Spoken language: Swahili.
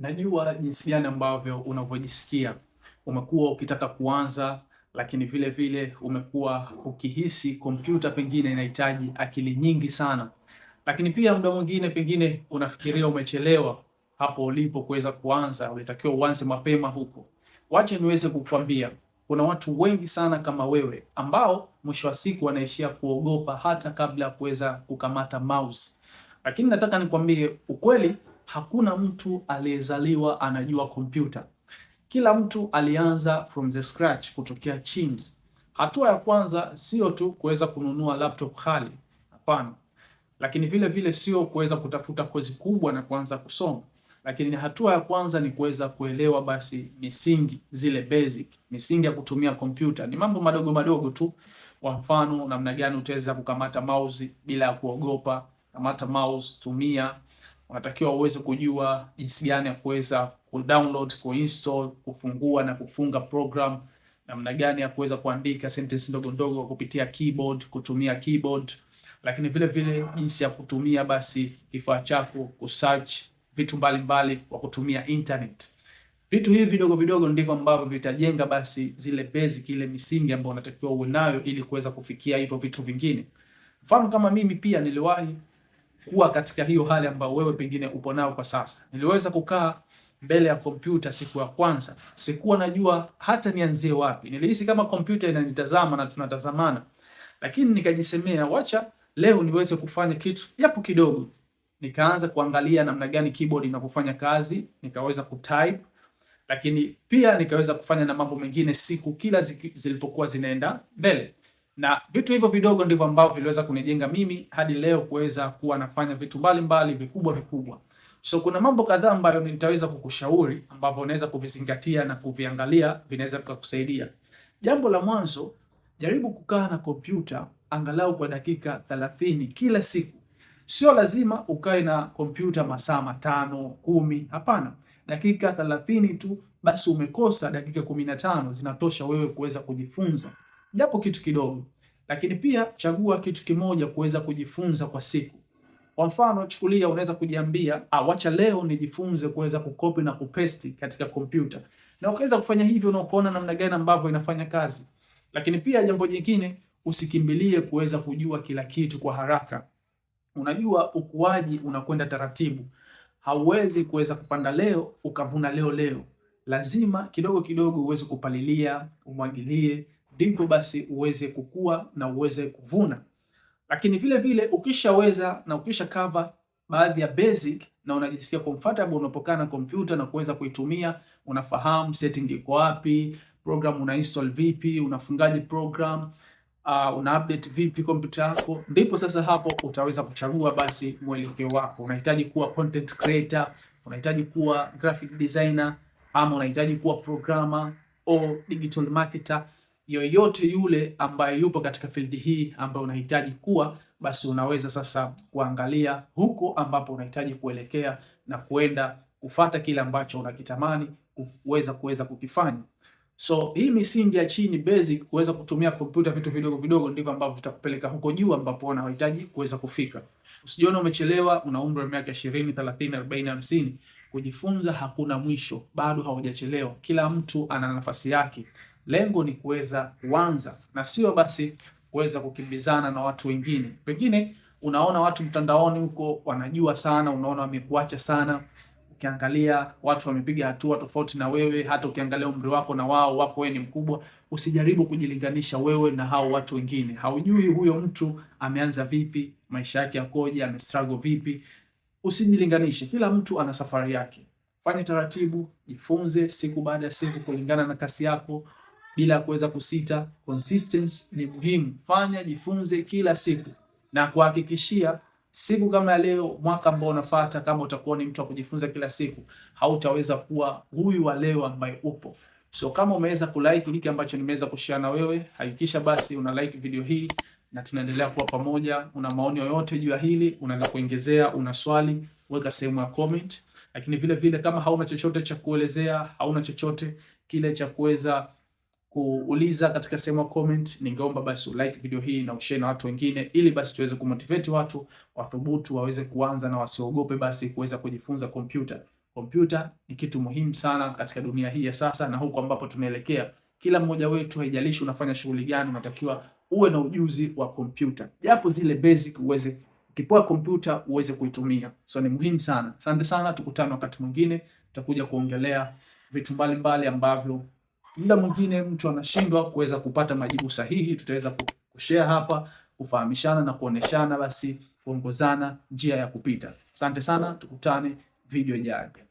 Najua jinsi gani ambavyo unavyojisikia. Umekuwa ukitaka kuanza, lakini vile vile umekuwa ukihisi kompyuta pengine inahitaji akili nyingi sana, lakini pia muda mwingine pengine unafikiria umechelewa hapo ulipo kuweza kuanza, ulitakiwa uanze mapema huko. Wacha niweze kukwambia, kuna watu wengi sana kama wewe ambao mwisho wa siku wanaishia kuogopa hata kabla ya kuweza kukamata mouse. Lakini nataka nikwambie ukweli hakuna mtu aliyezaliwa anajua kompyuta. Kila mtu alianza from the scratch, kutokea chini. Hatua ya kwanza sio tu kuweza kununua laptop ghali, hapana, lakini vile vile sio kuweza kutafuta kozi kubwa na kuanza kusoma, lakini hatua ya kwanza ni kuweza kuelewa basi misingi zile basic, misingi ya kutumia kompyuta. Ni mambo madogo madogo tu, kwa mfano namna gani utaweza kukamata mouse bila ya kuogopa, kamata mouse, tumia unatakiwa uweze kujua jinsi gani ya kuweza ku download ku install kufungua na kufunga program, namna gani ya kuweza kuandika sentence ndogo ndogo kupitia keyboard, kutumia keyboard, lakini vile vile jinsi ya kutumia basi kifaa chako ku search vitu mbalimbali kwa kutumia internet. Vitu hivi vidogo vidogo ndivyo ambavyo vitajenga basi zile basic, ile misingi ambayo unatakiwa uwe nayo ili kuweza kufikia hivyo vitu vingine. Mfano kama mimi pia niliwahi kuwa katika hiyo hali ambayo wewe pengine upo nayo kwa sasa. Niliweza kukaa mbele ya kompyuta siku ya kwanza, sikuwa najua hata nianzie wapi. Nilihisi kama kompyuta inanitazama na tunatazamana, lakini nikajisemea, wacha leo niweze kufanya kitu japo kidogo. Nikaanza kuangalia namna gani keyboard inapofanya kazi, nikaweza kutype, lakini pia nikaweza kufanya na mambo mengine siku kila zilipokuwa zinaenda mbele na vitu hivyo vidogo ndivyo ambavyo viliweza kunijenga mimi hadi leo kuweza kuwa nafanya vitu mbalimbali vikubwa vikubwa. So kuna mambo kadhaa ambayo nitaweza kukushauri ambavyo unaweza kuvizingatia na kuviangalia, vinaweza kukusaidia. Jambo la mwanzo, jaribu kukaa na kompyuta angalau kwa dakika 30 kila siku. Sio lazima ukae na kompyuta masaa matano kumi, hapana, dakika 30 tu basi. Umekosa dakika 15 zinatosha wewe kuweza kujifunza japo kitu kidogo, lakini pia chagua kitu kimoja kuweza kujifunza kwa siku. Kwa mfano, chukulia unaweza kujiambia ah, wacha leo nijifunze kuweza kukopi na kupesti katika kompyuta, na ukaweza kufanya hivyo na ukaona namna gani ambavyo inafanya kazi. Lakini pia jambo jingine, usikimbilie kuweza kujua kila kitu kwa haraka. Unajua ukuaji unakwenda taratibu, hauwezi kuweza kupanda leo ukavuna leo leo. Lazima kidogo kidogo uweze kupalilia, umwagilie ndipo basi uweze kukua na uweze kuvuna. Lakini vile vile ukishaweza na ukisha cover baadhi ya basic na unajisikia comfortable unapokaa na kompyuta na kuweza kuitumia, unafahamu setting iko wapi, program una install vipi, unafungaje program Uh, una update vipi kompyuta yako, ndipo sasa hapo utaweza kuchagua basi mwelekeo wako. Unahitaji kuwa content creator, unahitaji kuwa graphic designer, ama unahitaji kuwa programmer au digital marketer yoyote yule ambaye yupo katika field hii ambayo unahitaji kuwa, basi unaweza sasa kuangalia huko ambapo unahitaji kuelekea na kuenda kufata kile ambacho unakitamani kuweza kuweza kukifanya. So hii misingi ya chini basic, kuweza kutumia kompyuta vitu vidogo vidogo, ndivyo ambavyo vitakupeleka huko juu ambapo unahitaji kuweza kufika. Usijione umechelewa, una umri wa miaka 20, 30, 40, 50. Kujifunza hakuna mwisho, bado haujachelewa. Kila mtu ana nafasi yake. Lengo ni kuweza kuanza na sio basi kuweza kukimbizana na watu wengine. Pengine unaona watu mtandaoni huko wanajua sana, unaona wamekuacha sana. Ukiangalia watu wamepiga hatua tofauti na wewe, hata ukiangalia umri wako na wao wako wewe ni mkubwa. Usijaribu kujilinganisha wewe na hao watu wengine. Haujui huyo mtu ameanza vipi, maisha yake yakoje, amestruggle vipi. Usijilinganishe, kila mtu ana safari yake. Fanye taratibu, jifunze siku baada ya siku kulingana na kasi yako bila kuweza kusita. Consistency ni muhimu, fanya jifunze kila siku, na kuhakikishia siku kama leo, mwaka ambao unafuata, kama utakuwa ni mtu wa kujifunza kila siku, hautaweza kuwa huyu wa leo ambaye upo. So kama umeweza kulike hiki ambacho nimeweza kushare na wewe, hakikisha basi una like video hii na tunaendelea kuwa pamoja. Una maoni yoyote juu ya hili, unaweza kuongezea. Una swali, weka sehemu ya comment. Lakini vile vile kama hauna chochote cha kuelezea, hauna chochote kile cha kuweza kuuliza katika sehemu ya comment. Ningeomba basi ulike video hii na ushare na watu wengine, ili basi tuweze kumotivate watu wathubutu, waweze kuanza na wasiogope basi kuweza kujifunza kompyuta. Kompyuta ni kitu muhimu sana katika dunia hii ya sasa na huko ambapo tunaelekea. Kila mmoja wetu, haijalishi unafanya shughuli gani, unatakiwa uwe na ujuzi wa kompyuta, japo zile basic uweze ukipewa kompyuta uweze kuitumia. So ni muhimu sana. Asante sana, tukutane wakati mwingine, tutakuja kuongelea vitu mbalimbali ambavyo muda mwingine mtu anashindwa kuweza kupata majibu sahihi, tutaweza kushare hapa, kufahamishana na kuoneshana, basi kuongozana njia ya kupita. Asante sana, tukutane video ijayo.